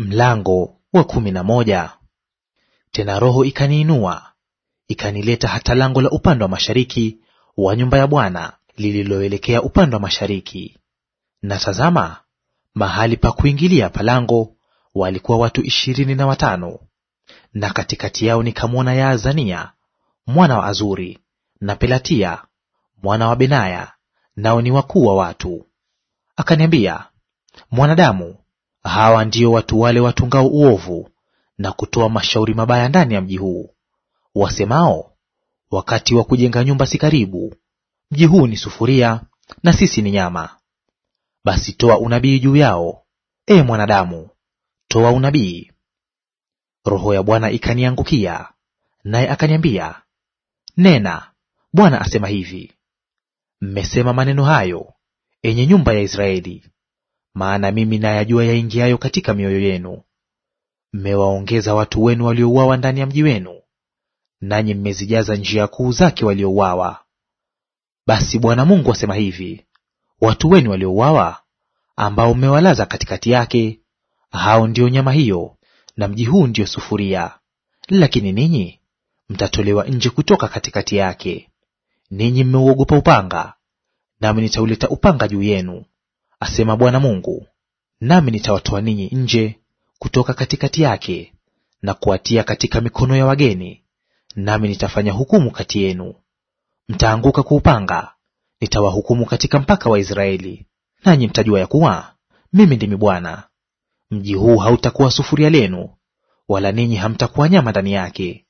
Mlango wa kumi na moja. Tena Roho ikaniinua ikanileta hata lango la upande wa mashariki wa nyumba ya Bwana lililoelekea upande wa mashariki. Na tazama, mahali pa kuingilia palango walikuwa watu ishirini na watano, na katikati yao nikamwona Yaazania mwana wa Azuri na Pelatia mwana wa Benaya, nao ni wakuu wa watu. Akaniambia, mwanadamu, Hawa ndio watu wale watungao uovu na kutoa mashauri mabaya ndani ya mji huu, wasemao, wakati wa kujenga nyumba si karibu; mji huu ni sufuria, na sisi ni nyama. Basi toa unabii juu yao, e mwanadamu, toa unabii. Roho ya Bwana ikaniangukia, naye akaniambia, Nena, Bwana asema hivi, mmesema maneno hayo, enye nyumba ya Israeli, maana mimi nayajua yaingiayo katika mioyo yenu. Mmewaongeza watu wenu waliouawa ndani ya mji wenu, nanyi mmezijaza njia kuu zake waliouawa. Basi Bwana Mungu asema hivi, watu wenu waliouawa, ambao mmewalaza katikati yake, hao ndiyo nyama hiyo, na mji huu ndiyo sufuria. Lakini ninyi mtatolewa nje kutoka katikati yake. Ninyi mmeuogopa upanga, nami nitauleta upanga juu yenu asema Bwana Mungu, nami nitawatoa ninyi nje kutoka katikati yake na kuwatia katika mikono ya wageni, nami nitafanya hukumu kati yenu. Mtaanguka kwa upanga, nitawahukumu katika mpaka wa Israeli, nanyi mtajua ya kuwa mimi ndimi Bwana. Mji huu hautakuwa sufuria lenu, wala ninyi hamtakuwa nyama ndani yake;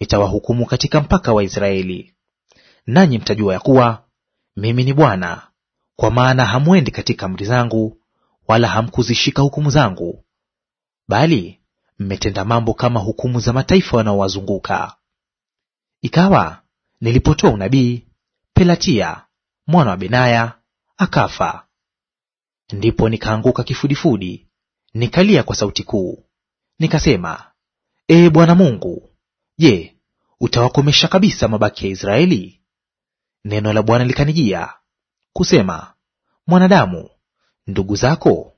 nitawahukumu katika mpaka wa Israeli, nanyi mtajua ya kuwa mimi ni Bwana kwa maana hamwendi katika amri zangu, wala hamkuzishika hukumu zangu, bali mmetenda mambo kama hukumu za mataifa wanaowazunguka. Ikawa nilipotoa unabii, Pelatia mwana wa Benaya akafa. Ndipo nikaanguka kifudifudi, nikalia kwa sauti kuu, nikasema, Ee Bwana Mungu, je, utawakomesha kabisa mabaki ya Israeli? Neno la Bwana likanijia kusema, Mwanadamu, ndugu zako,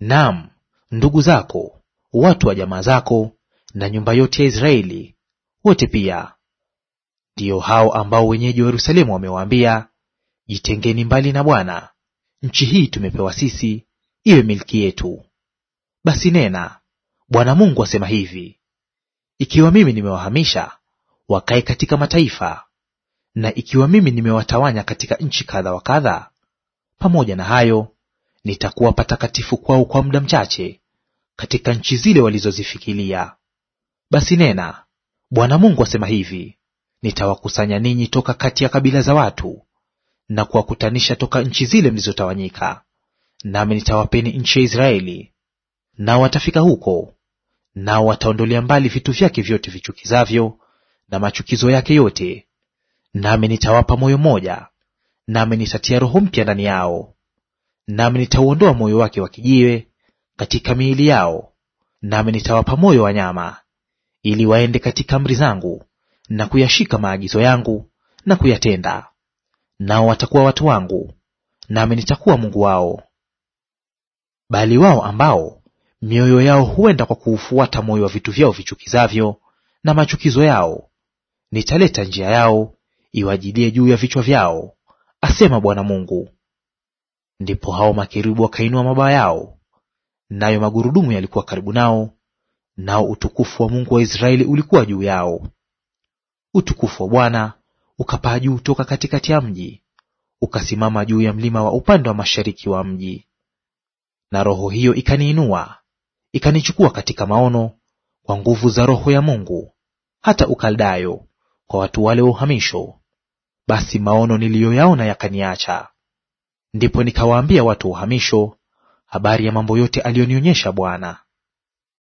naam ndugu zako, watu wa jamaa zako, na nyumba yote ya Israeli wote pia, ndiyo hao ambao wenyeji wa Yerusalemu wamewaambia, jitengeni mbali na Bwana, nchi hii tumepewa sisi iwe milki yetu. Basi nena, Bwana Mungu asema hivi, ikiwa mimi nimewahamisha wakae katika mataifa na ikiwa mimi nimewatawanya katika nchi kadha wa kadha, pamoja na hayo nitakuwa patakatifu kwao kwa muda mchache katika nchi zile walizozifikilia. Basi nena, Bwana Mungu asema hivi, nitawakusanya ninyi toka kati ya kabila za watu na kuwakutanisha toka nchi zile mlizotawanyika, nami nitawapeni nchi ya Israeli. Nao watafika huko, nao wataondolea mbali vitu vyake vyote vichukizavyo na machukizo yake yote nami nitawapa moyo mmoja, nami nitatia roho mpya ndani yao. Nami nitauondoa moyo wake wa kijiwe katika miili yao, nami nitawapa moyo wa nyama, ili waende katika amri zangu na kuyashika maagizo yangu na kuyatenda. Nao watakuwa watu wangu, nami nitakuwa Mungu wao. Bali wao ambao mioyo yao huenda kwa kuufuata moyo wa vitu vyao vichukizavyo na machukizo yao, nitaleta njia yao iwajilie juu ya vichwa vyao, asema Bwana Mungu. Ndipo hao makerubi wakainua mabawa yao, nayo magurudumu yalikuwa karibu nao, nao utukufu wa Mungu wa Israeli ulikuwa juu yao. Utukufu wa Bwana ukapaa juu toka katikati ya mji, ukasimama juu ya mlima wa upande wa mashariki wa mji. Na roho hiyo ikaniinua, ikanichukua katika maono kwa nguvu za Roho ya Mungu hata Ukaldayo, kwa watu wale wa uhamisho, basi maono niliyoyaona yakaniacha. Ndipo nikawaambia watu wa uhamisho habari ya mambo yote aliyonionyesha Bwana.